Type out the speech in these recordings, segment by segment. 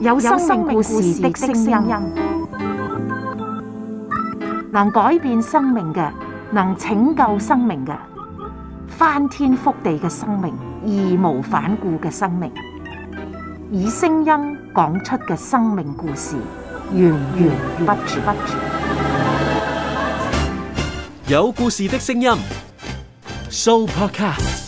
有生命故事的聲音，能改變生命嘅，能拯救生命嘅，翻天覆地嘅生命，義無反顧嘅生命，以聲音講出嘅生命故事，源源不絕。有故事的聲音，Soupercast。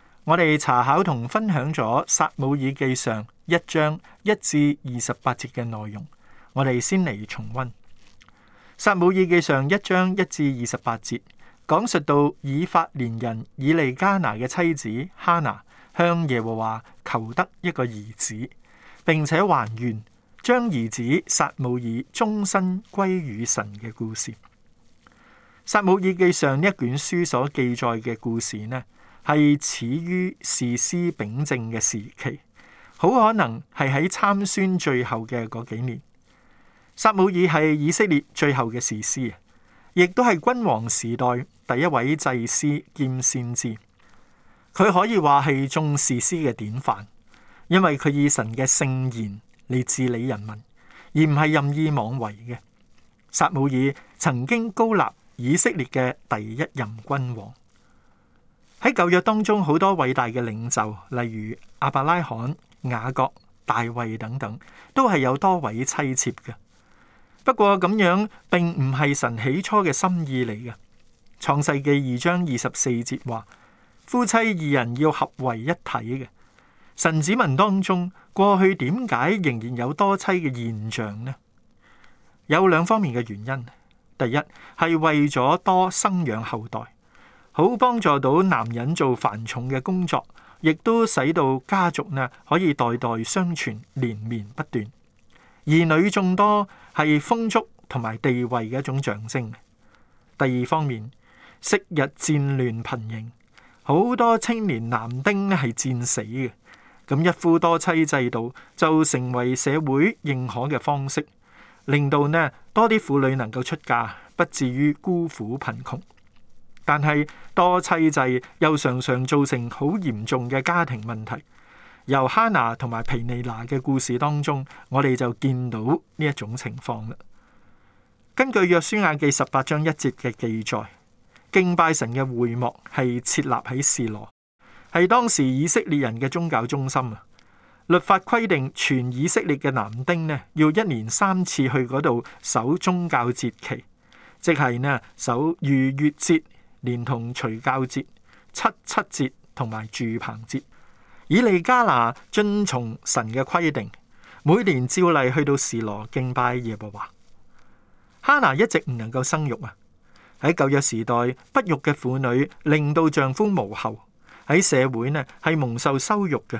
我哋查考同分享咗《撒母耳記上》上一章一至二十八節嘅內容，我哋先嚟重溫《撒母耳記上》上一章一至二十八節，講述到以法蓮人以利加拿嘅妻子哈拿向耶和華求得一個兒子，並且還願將兒子撒母耳終身歸與神嘅故事。《撒母耳記上》上一卷書所記載嘅故事呢，係始於士師秉政嘅時期，好可能係喺參孫最後嘅嗰幾年。撒母耳係以色列最後嘅士師，亦都係君王時代第一位祭司兼先知。佢可以話係眾士師嘅典範，因為佢以神嘅聖言嚟治理人民，而唔係任意妄為嘅。撒母耳曾經高立以色列嘅第一任君王。喺舊約當中，好多偉大嘅領袖，例如亞伯拉罕、雅各、大衛等等，都係有多位妻妾嘅。不過咁樣並唔係神起初嘅心意嚟嘅。創世紀二章二十四節話：夫妻二人要合為一體嘅。神子民當中過去點解仍然有多妻嘅現象呢？有兩方面嘅原因。第一係為咗多生養後代。好幫助到男人做繁重嘅工作，亦都使到家族呢可以代代相傳，連綿不斷。兒女眾多係豐足同埋地位嘅一種象徵。第二方面，昔日戰亂頻仍，好多青年男丁呢係戰死嘅，咁一夫多妻制度就成為社會認可嘅方式，令到呢多啲婦女能夠出嫁，不至於孤苦貧窮。但係多妻制又常常造成好嚴重嘅家庭問題。由哈娜同埋皮尼娜嘅故事當中，我哋就見到呢一種情況啦。根據《約書亞記》十八章一節嘅記載，敬拜神嘅會幕係設立喺士羅，係當時以色列人嘅宗教中心啊。律法規定全以色列嘅男丁呢，要一年三次去嗰度守宗教節期，即係呢守逾越節。連同除酵節、七七節同埋住棚節，以利加拿遵從神嘅規定，每年照例去到示羅敬拜耶和華。哈拿一直唔能夠生育啊！喺舊約時代，不育嘅婦女令到丈夫無後，喺社會呢係蒙受羞辱嘅。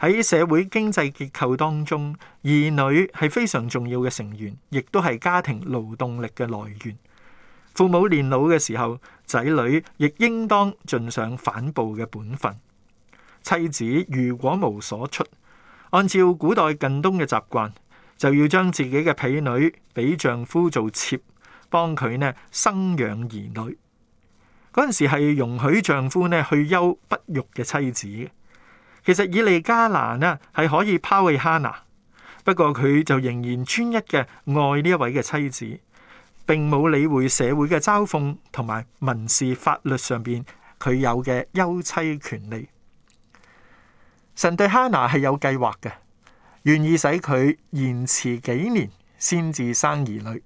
喺社會經濟結構當中，兒女係非常重要嘅成員，亦都係家庭勞動力嘅來源。父母年老嘅時候，仔女亦應當盡上反哺嘅本分。妻子如果無所出，按照古代近東嘅習慣，就要將自己嘅婢女俾丈夫做妾，幫佢呢生養兒女。嗰陣時係容許丈夫呢去休不育嘅妻子。其實以利加拿呢係可以拋棄哈拿，不過佢就仍然專一嘅愛呢一位嘅妻子。並冇理會社會嘅嘲諷，同埋民事法律上邊佢有嘅休妻權利。神對哈拿係有計劃嘅，願意使佢延遲幾年先至生兒女。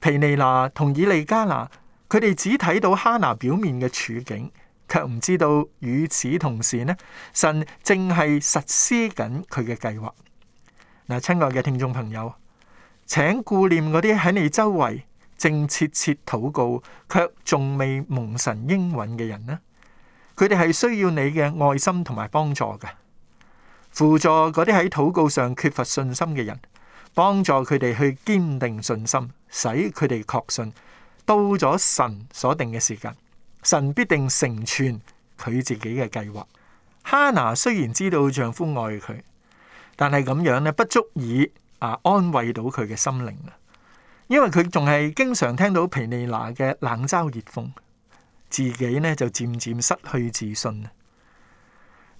皮尼娜同以利加拿，佢哋只睇到哈拿表面嘅處境，卻唔知道與此同時呢，神正係實施緊佢嘅計劃。嗱，親愛嘅聽眾朋友。請顧念嗰啲喺你周圍正切切禱告卻仲未蒙神應允嘅人呢。佢哋係需要你嘅愛心同埋幫助嘅，輔助嗰啲喺禱告上缺乏信心嘅人，幫助佢哋去堅定信心，使佢哋確信到咗神所定嘅時間，神必定成全佢自己嘅計劃。哈拿雖然知道丈夫愛佢，但係咁樣呢，不足以。啊，安慰到佢嘅心靈啊，因為佢仲係經常聽到皮尼娜嘅冷嘲熱諷，自己呢就漸漸失去自信。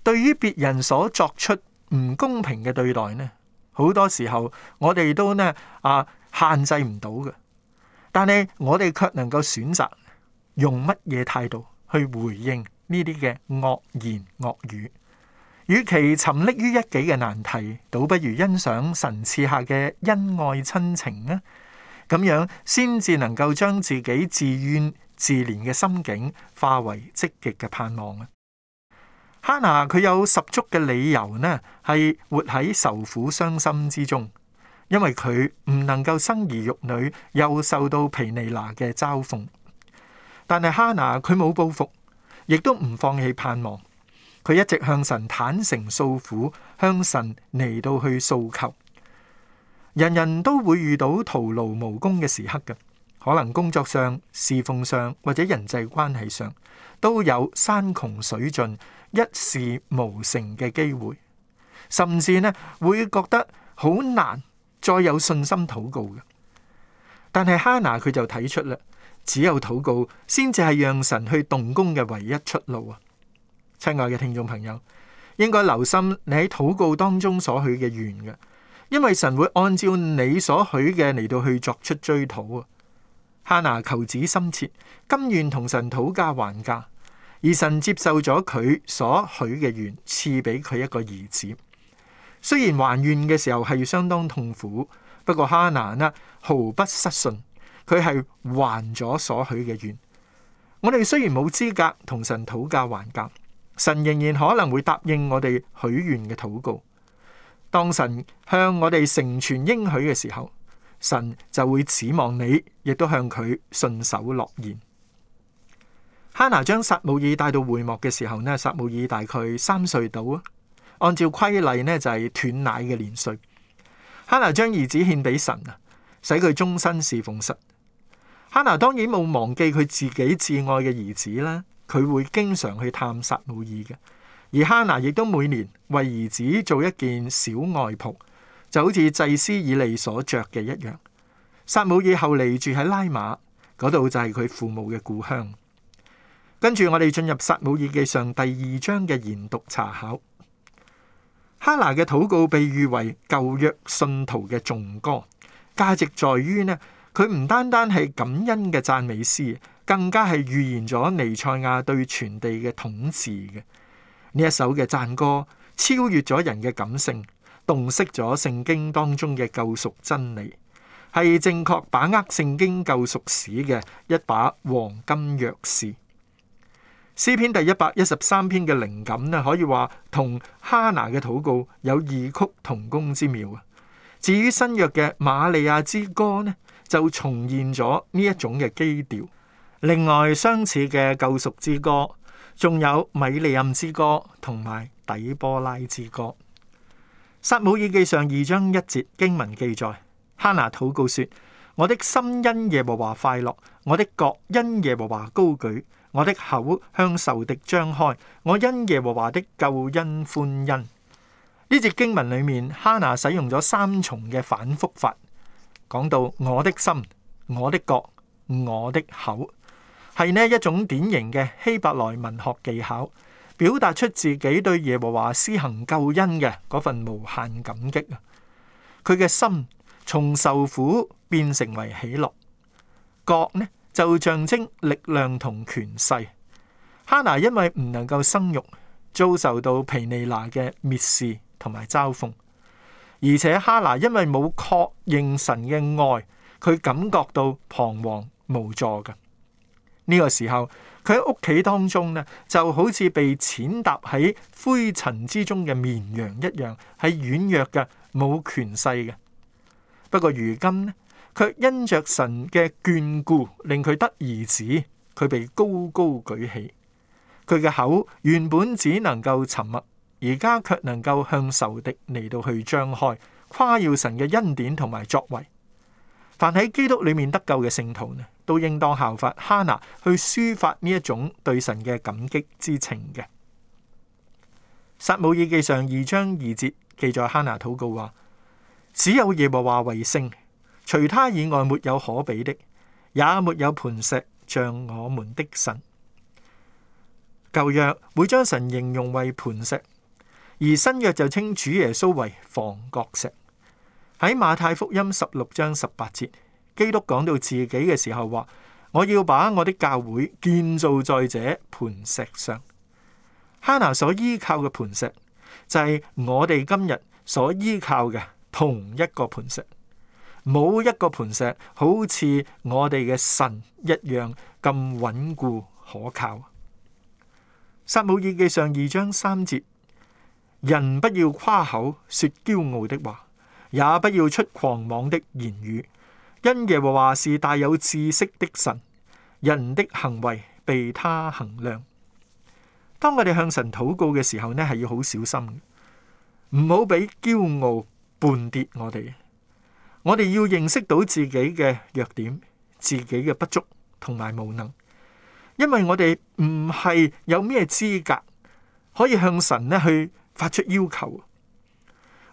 對於別人所作出唔公平嘅對待呢，好多時候我哋都呢啊限制唔到嘅，但係我哋卻能夠選擇用乜嘢態度去回應呢啲嘅惡言惡語。與其沉溺於一己嘅難題，倒不如欣賞神賜下嘅恩愛親情呢？咁樣先至能夠將自己自怨自憐嘅心境化為積極嘅盼望啊！哈拿佢有十足嘅理由呢，係活喺受苦傷心之中，因為佢唔能夠生兒育女，又受到皮尼娜嘅嘲諷。但係哈拿佢冇報復，亦都唔放棄盼望。佢一直向神坦誠訴苦，向神嚟到去訴求。人人都會遇到徒勞無功嘅時刻嘅，可能工作上、侍奉上或者人際關係上，都有山窮水盡、一事無成嘅機會，甚至呢會覺得好難再有信心禱告嘅。但係哈拿，佢就睇出啦，只有禱告先至係讓神去動工嘅唯一出路啊！親愛嘅聽眾朋友，應該留心你喺禱告當中所許嘅願嘅，因為神會按照你所許嘅嚟到去作出追討。哈拿求子心切，甘願同神討價還價，而神接受咗佢所許嘅願，賜俾佢一個兒子。雖然還願嘅時候係相當痛苦，不過哈拿呢毫不失信，佢係還咗所許嘅願。我哋雖然冇資格同神討價還價。神仍然可能會答應我哋許願嘅禱告。當神向我哋成全應許嘅時候，神就會指望你，亦都向佢信守諾言。哈拿將撒母耳帶到會幕嘅時候呢，撒母耳大概三歲到啊。按照規例呢，就係斷奶嘅年歲。哈拿將兒子獻俾神啊，使佢終身侍奉神。哈拿當然冇忘記佢自己至愛嘅兒子啦。佢會經常去探撒母耳嘅，而哈拿亦都每年為兒子做一件小外袍，就好似祭司以利所着嘅一樣。撒母耳後嚟住喺拉馬嗰度，就係佢父母嘅故鄉。跟住我哋進入撒母耳記上第二章嘅研讀查考，哈拿嘅禱告被譽為舊約信徒嘅頌歌，價值在於呢，佢唔單單係感恩嘅讚美詩。更加係預言咗彌賽亞對全地嘅統治嘅，呢一首嘅讚歌，超越咗人嘅感性，洞悉咗聖經當中嘅救贖真理，係正確把握聖經救贖史嘅一把黃金鑰匙。詩篇第一百一十三篇嘅靈感呢，可以話同哈拿嘅禱告有異曲同工之妙啊。至於新約嘅瑪利亞之歌呢，就重現咗呢一種嘅基調。另外相似嘅救贖之歌，仲有米利暗之歌同埋底波拉之歌。撒母耳記上二章一節經文記載：哈拿禱告說，我的心因耶和華快樂，我的角因耶和華高舉，我的口向仇敵張開，我因耶和華的救恩歡欣。呢節經文裏面，哈拿使用咗三重嘅反復法，講到我的心、我的角，我的口。係呢一種典型嘅希伯來文學技巧，表達出自己對耶和華施行救恩嘅嗰份無限感激啊。佢嘅心從受苦變成為喜樂，角呢就象徵力量同權勢。哈拿因為唔能夠生育，遭受到皮尼拿嘅蔑視同埋嘲諷，而且哈拿因為冇確認神嘅愛，佢感覺到彷徨無助嘅。呢個時候，佢喺屋企當中呢，就好似被踐踏喺灰塵之中嘅綿羊一樣，係軟弱嘅，冇權勢嘅。不過如今呢，卻因着神嘅眷顧，令佢得兒子，佢被高高舉起。佢嘅口原本只能夠沉默，而家卻能夠向仇敵嚟到去張開，誇耀神嘅恩典同埋作為。凡喺基督裏面得救嘅聖徒呢，都應當效法哈拿去抒發呢一種對神嘅感激之情嘅。撒母耳記上二章二節記載哈拿禱告話：，只有耶和華為聖，除他以外沒有可比的，也沒有磐石像我們的神。舊約會將神形容為磐石，而新約就稱主耶穌為房角石。喺馬太福音十六章十八節，基督講到自己嘅時候話：，我要把我的教會建造在這磐石上。哈拿所依靠嘅磐石，就係、是、我哋今日所依靠嘅同一個磐石。冇一個磐石好似我哋嘅神一樣咁穩固可靠。撒母耳記上二章三節：，人不要誇口說驕傲的話。也不要出狂妄的言語，因耶和華是大有知識的神，人的行為被他衡量。當我哋向神禱告嘅時候呢，係要好小心，唔好俾驕傲絆跌我哋。我哋要認識到自己嘅弱點、自己嘅不足同埋無能，因為我哋唔係有咩資格可以向神呢去發出要求。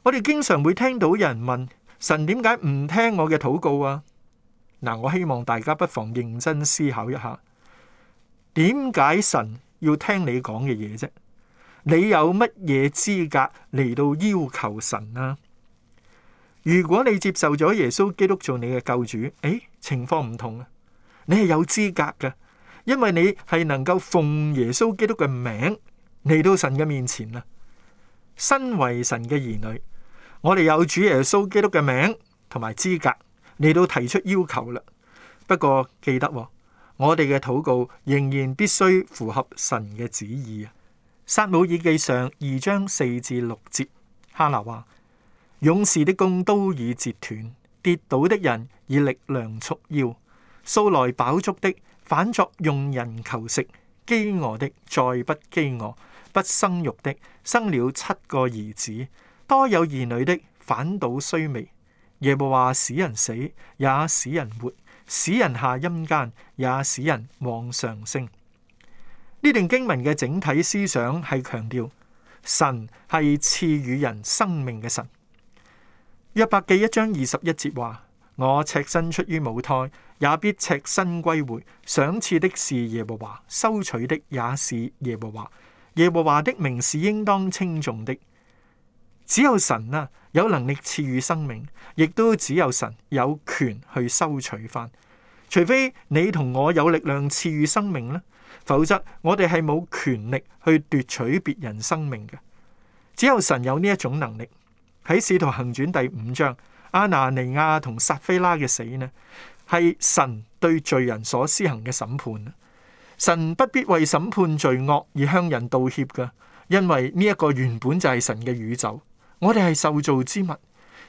我哋經常會聽到有人問神點解唔聽我嘅禱告啊？嗱，我希望大家不妨認真思考一下，點解神要聽你講嘅嘢啫？你有乜嘢資格嚟到要求神啊？如果你接受咗耶穌基督做你嘅救主，誒，情況唔同啊！你係有資格嘅，因為你係能夠奉耶穌基督嘅名嚟到神嘅面前啊，身為神嘅兒女。我哋有主耶穌基督嘅名同埋資格，你都提出要求啦。不過記得、哦，我哋嘅禱告仍然必須符合神嘅旨意啊。撒母耳記上二章四至六節，哈拿話：勇士的弓都已折斷，跌倒的人以力量束腰，素來飽足的反作用人求食，飢餓的再不飢餓，不生育的生了七個兒子。多有兒女的反倒衰微。耶和華使人死，也使人活；使人下陰間，也使人往上升。呢段經文嘅整體思想係強調神係賜予人生命嘅神。約伯記一章二十一節話：我赤身出於母胎，也必赤身歸回。賞賜的，是耶和華；收取的，也是耶和華。耶和華的名是應當稱頌的。只有神啊有能力賜予生命，亦都只有神有權去收取翻。除非你同我有力量賜予生命咧，否則我哋係冇權力去奪取別人生命嘅。只有神有呢一種能力。喺使徒行傳第五章，阿拿尼亞同撒非拉嘅死呢，係神對罪人所施行嘅審判。神不必為審判罪惡而向人道歉噶，因為呢一個原本就係神嘅宇宙。我哋係受造之物，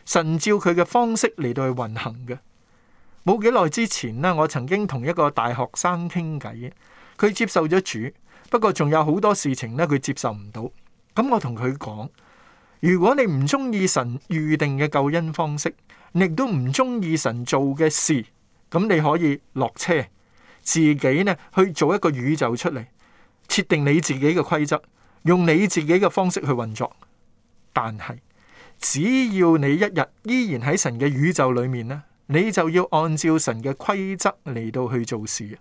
神照佢嘅方式嚟到去運行嘅。冇幾耐之前呢，我曾經同一個大學生傾偈，佢接受咗主，不過仲有好多事情呢，佢接受唔到。咁我同佢講：如果你唔中意神預定嘅救恩方式，亦都唔中意神做嘅事，咁你可以落車，自己呢去做一個宇宙出嚟，設定你自己嘅規則，用你自己嘅方式去運作。但係，只要你一日依然喺神嘅宇宙裏面呢，你就要按照神嘅規則嚟到去做事。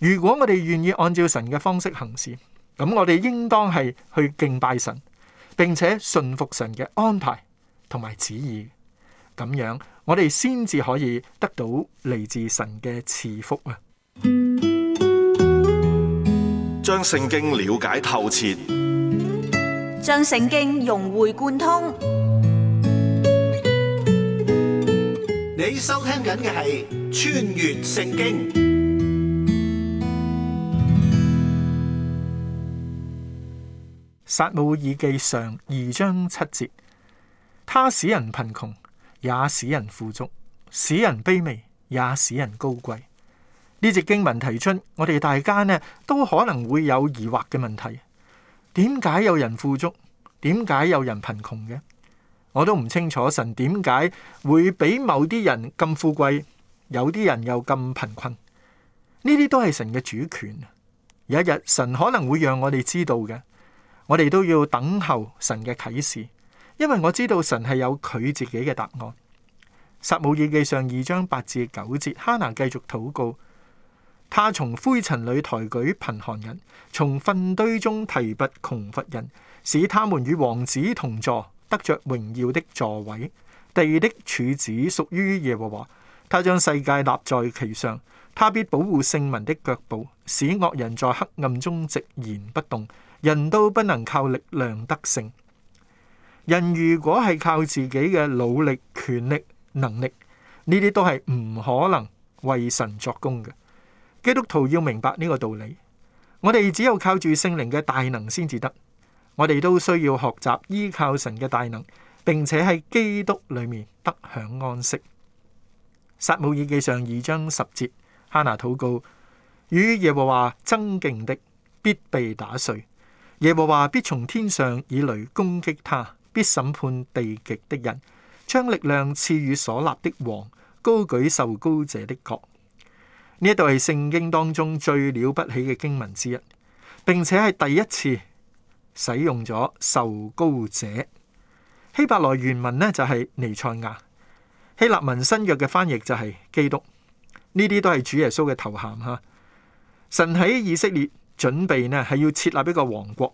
如果我哋願意按照神嘅方式行事，咁我哋應當係去敬拜神，並且順服神嘅安排同埋旨意。咁樣，我哋先至可以得到嚟自神嘅賜福啊！將聖經了解透徹。將聖經融會貫通。你收聽緊嘅係《穿越聖經》。撒母耳記上二章七節，他使人貧窮，也使人富足；使人卑微，也使人高貴。呢節經文提出，我哋大家呢都可能會有疑惑嘅問題。點解有人富足，點解有人貧窮嘅？我都唔清楚，神點解會俾某啲人咁富貴，有啲人又咁貧困？呢啲都係神嘅主權。有一日，神可能會讓我哋知道嘅，我哋都要等候神嘅啟示，因為我知道神係有佢自己嘅答案。撒母耳記上二章八至九節，哈拿繼續禱告。他從灰塵裏抬舉貧寒人，從糞堆中提拔窮乏人，使他們與王子同坐，得着榮耀的座位。地的柱子屬於耶和華，他將世界立在其上。他必保護聖民的腳步，使惡人在黑暗中寂然不動。人都不能靠力量得勝。人如果係靠自己嘅努力、權力、能力，呢啲都係唔可能為神作功嘅。基督徒要明白呢個道理，我哋只有靠住聖靈嘅大能先至得，我哋都需要學習依靠神嘅大能，並且喺基督裏面得享安息。撒母耳記上二章十節，哈拿禱告：與耶和華爭競的必被打碎，耶和華必從天上以雷攻擊他，必審判地極的人，將力量賜予所立的王，高舉受膏者的角。呢一段係聖經當中最了不起嘅經文之一，並且係第一次使用咗受膏者，希伯來原文呢就係、是、彌賽亞，希臘文新約嘅翻譯就係基督，呢啲都係主耶穌嘅頭銜吓。神喺以色列準備呢係要設立一個王國，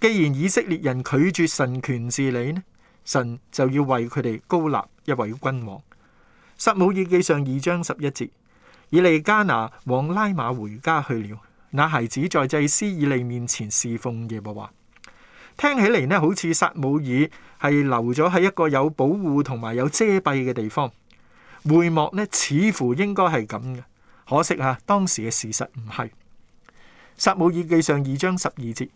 既然以色列人拒絕神權治理呢，神就要為佢哋膏立一位君王。撒母耳記上二章十一節。以利加拿往拉馬回家去了。那孩子在祭司以利面前侍奉耶和華。聽起嚟呢，好似撒母耳係留咗喺一個有保護同埋有遮蔽嘅地方。會幕呢，似乎應該係咁嘅。可惜啊，當時嘅事實唔係。撒母耳記上二章十二節，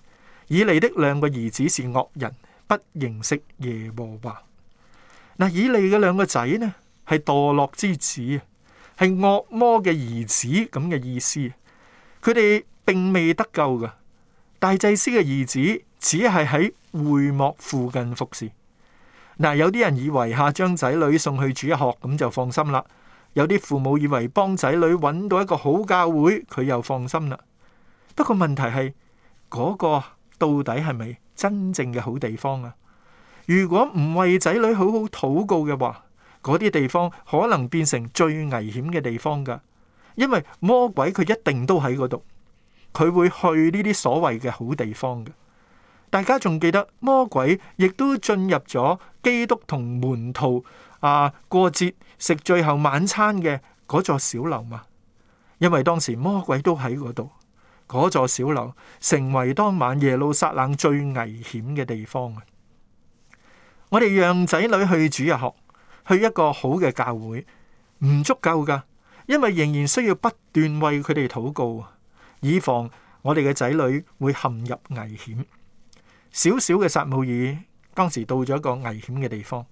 以利的兩個兒子是惡人，不認識耶和華。嗱，以利嘅兩個仔呢，係墮落之子係惡魔嘅兒子咁嘅意思，佢哋並未得救噶。大祭司嘅兒子只係喺會幕附近服侍。嗱，有啲人以為吓將仔女送去主學，咁就放心啦。有啲父母以為幫仔女揾到一個好教會，佢又放心啦。不過問題係嗰個到底係咪真正嘅好地方啊？如果唔為仔女好好禱告嘅話。嗰啲地方可能變成最危險嘅地方㗎，因為魔鬼佢一定都喺嗰度，佢會去呢啲所謂嘅好地方嘅。大家仲記得魔鬼亦都進入咗基督同門徒啊過節食最後晚餐嘅嗰座小樓嘛？因為當時魔鬼都喺嗰度，嗰座小樓成為當晚耶路撒冷最危險嘅地方啊！我哋讓仔女去主日學。去一個好嘅教會唔足夠噶，因為仍然需要不斷為佢哋禱告，以防我哋嘅仔女會陷入危險。小小嘅撒母耳當時到咗一個危險嘅地方，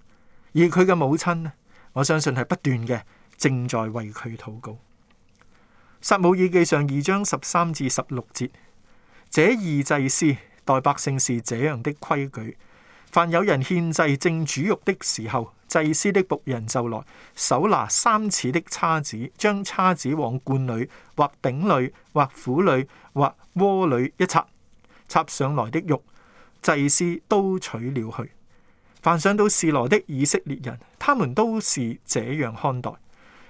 而佢嘅母親我相信係不斷嘅正在為佢禱告。撒母耳記上二章十三至十六節，這二祭司待百姓是這樣的規矩。凡有人獻祭正煮肉的時候，祭司的僕人就來，手拿三齒的叉子，將叉子往罐裏、或鼎裏、或釜裏、或鍋裏一插，插上來的肉，祭司都取了去。凡想到示羅的以色列人，他們都是這樣看待。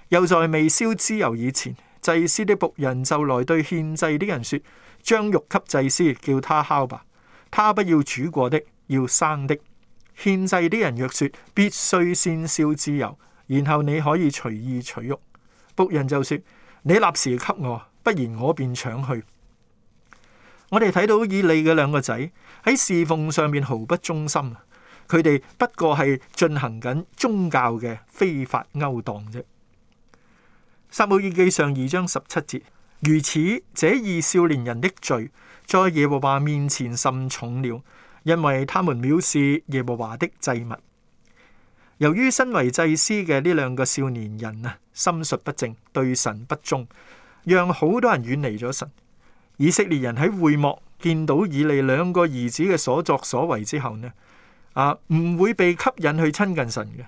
又在未燒之油以前，祭司的僕人就來對獻祭的人說：將肉給祭司，叫他烤吧，他不要煮過的。要生的獻祭啲人若說必須先燒之油，然後你可以隨意取肉。僕人就說：你立時給我，不然我便搶去。我哋睇到以利嘅兩個仔喺侍奉上面毫不忠心，佢哋不過係進行緊宗教嘅非法勾當啫。《撒母耳記》上二章十七節，如此這二少年人的罪，在耶和華面前甚重了。因為他們藐視耶和華的祭物，由於身為祭司嘅呢兩個少年人啊，心術不正，對神不忠，讓好多人遠離咗神。以色列人喺會幕見到以利兩個兒子嘅所作所為之後呢，啊，唔會被吸引去親近神嘅，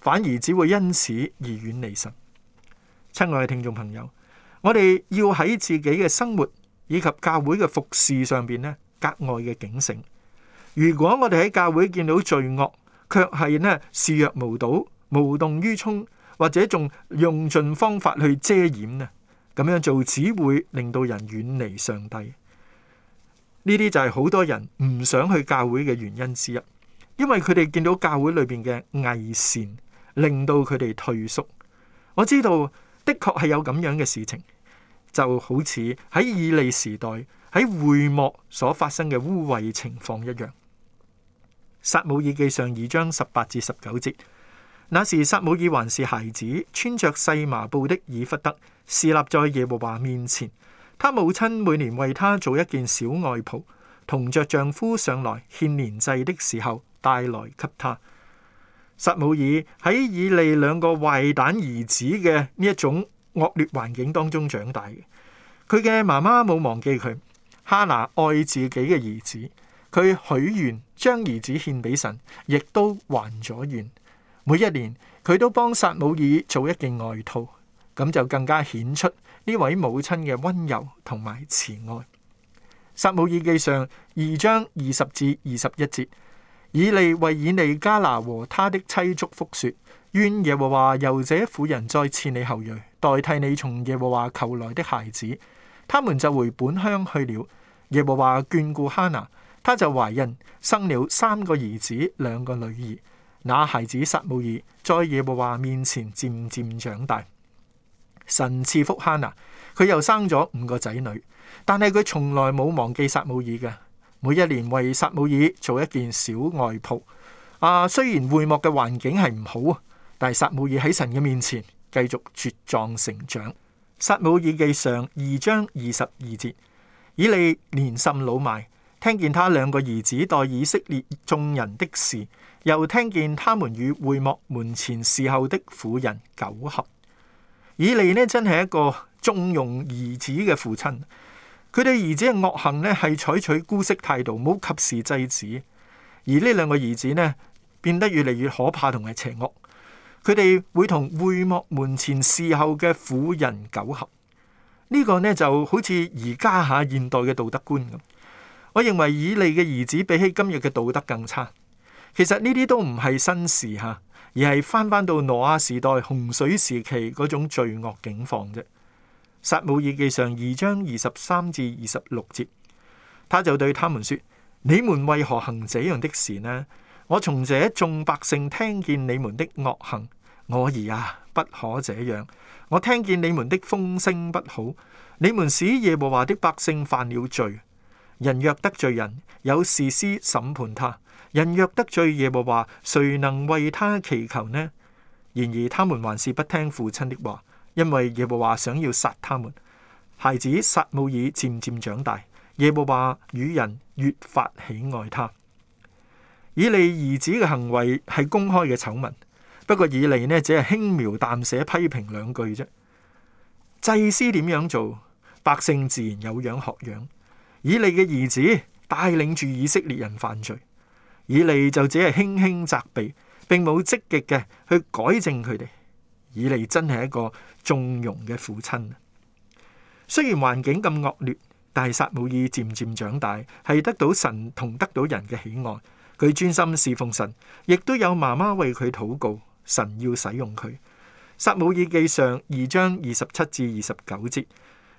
反而只會因此而遠離神。親愛嘅聽眾朋友，我哋要喺自己嘅生活以及教會嘅服侍上面呢，格外嘅警醒。如果我哋喺教會見到罪惡，卻係咧視若無睹、無動於衷，或者仲用盡方法去遮掩咧，咁樣做只會令到人遠離上帝。呢啲就係好多人唔想去教會嘅原因之一，因為佢哋見到教會裏邊嘅偽善，令到佢哋退縮。我知道的確係有咁樣嘅事情，就好似喺以利時代喺會幕所發生嘅污穢情況一樣。撒母耳記上二章十八至十九節，那時撒母耳還是孩子，穿着細麻布的以弗得，侍立在耶和華面前。他母親每年為他做一件小外袍，同着丈夫上來獻年祭的時候帶來給他。撒母耳喺以利兩個壞蛋兒子嘅呢一種惡劣環境當中長大。佢嘅媽媽冇忘記佢，哈拿愛自己嘅兒子。佢許願將兒子獻俾神，亦都還咗願。每一年佢都幫撒母耳做一件外套，咁就更加顯出呢位母親嘅温柔同埋慈愛。撒母耳記上二章二十至二十一節，以利為以利加拿和他的妻祝福說：願耶和華由這婦人再賜你後裔，代替你從耶和華求來的孩子。他們就回本鄉去了。耶和華眷顧哈拿。他就懷孕生了三個兒子，兩個女兒。那孩子撒母耳在耶和華面前漸漸長大。神賜福哈娜，佢又生咗五個仔女，但係佢從來冇忘記撒母耳嘅。每一年為撒母耳做一件小外袍。啊，雖然會幕嘅環境係唔好啊，但係撒母耳喺神嘅面前繼續茁壯成長。撒母耳記上二章二十二節，以利年甚老邁。聽見他兩個兒子待以色列眾人的事，又聽見他們與會幕門前侍候的婦人苟合。以利呢真係一個縱容兒子嘅父親，佢對兒子嘅惡行呢係採取姑息態度，冇及時制止。而呢兩個兒子呢變得越嚟越可怕同埋邪惡，佢哋會同會幕門前侍候嘅婦人苟合呢，呢個呢就好似而家下現代嘅道德觀咁。我認為以利嘅兒子比起今日嘅道德更差。其實呢啲都唔係新事吓，而係翻翻到挪亞時代洪水時期嗰種罪惡境況啫。撒母耳記上二章二十三至二十六節，他就對他們說：你們為何行這樣的事呢？我從這眾百姓聽見你們的惡行，我兒啊，不可這樣。我聽見你們的風聲不好，你們使耶和華的百姓犯了罪。人若得罪人，有士師審判他；人若得罪耶和華，誰能為他祈求呢？然而他們還是不聽父親的話，因為耶和華想要殺他們。孩子撒母耳漸漸長大，耶和華與人越發喜愛他。以利兒子嘅行為係公開嘅醜聞，不過以利呢，只係輕描淡寫批評兩句啫。祭司點樣做，百姓自然有樣學樣。以利嘅兒子帶領住以色列人犯罪，以利就只係輕輕責備，並冇積極嘅去改正佢哋。以利真係一個縱容嘅父親。雖然環境咁惡劣，但係撒母耳漸漸長大，係得到神同得到人嘅喜愛。佢專心侍奉神，亦都有媽媽為佢禱告。神要使用佢。撒母耳記上二章二十七至二十九節，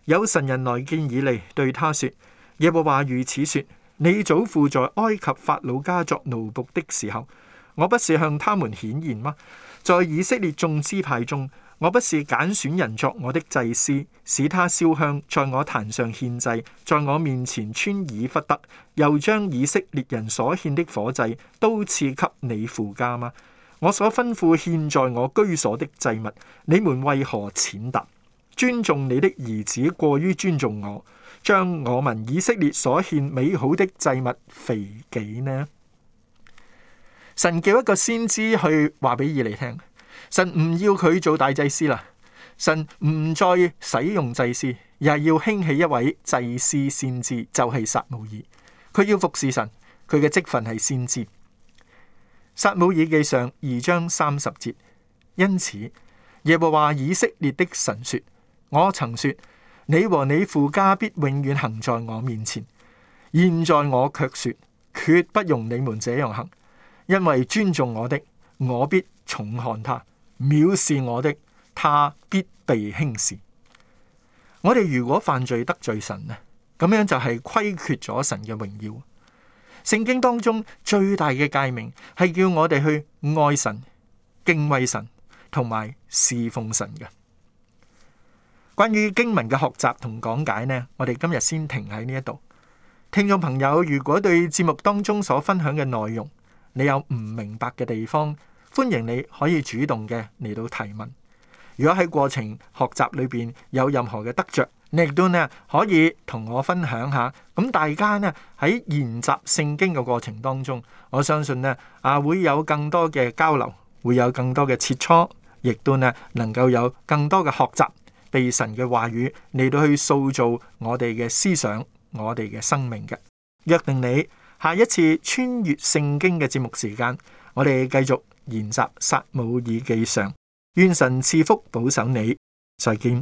有神人來見以利，對他說。耶和華如此說：你祖父在埃及法老家作奴僕的時候，我不是向他們顯現嗎？在以色列眾支派中，我不是揀選人作我的祭司，使他燒香在我壇上獻祭，在我面前穿以弗得，又將以色列人所獻的火祭都賜給你父家嗎？我所吩咐獻在我居所的祭物，你們為何踐踏？尊重你的兒子過於尊重我。將我民以色列所獻美好的祭物肥己呢？神叫一個先知去話俾以利聽，神唔要佢做大祭司啦，神唔再使用祭司，而係要興起一位祭司先知，就係、是、撒母耳。佢要服侍神，佢嘅職份係先知。撒母耳記上二章三十節，因此耶和華以色列的神說：我曾說。你和你父家必永遠行在我面前。現在我卻說，決不容你們這樣行，因為尊重我的，我必重看他；藐視我的，他必被輕視。我哋如果犯罪得罪神呢，咁樣就係虧缺咗神嘅榮耀。聖經當中最大嘅誡命係叫我哋去愛神、敬畏神同埋侍奉神嘅。關於經文嘅學習同講解呢，我哋今日先停喺呢一度。聽眾朋友，如果對節目當中所分享嘅內容你有唔明白嘅地方，歡迎你可以主動嘅嚟到提問。如果喺過程學習裏邊有任何嘅得着，你亦都呢可以同我分享下。咁大家呢喺研習聖經嘅過程當中，我相信呢啊會有更多嘅交流，會有更多嘅切磋，亦都呢能夠有更多嘅學習。被神嘅話語嚟到去塑造我哋嘅思想，我哋嘅生命嘅。約定你下一次穿越聖經嘅節目時間，我哋繼續研習撒母耳記上。願神賜福保守你。再見。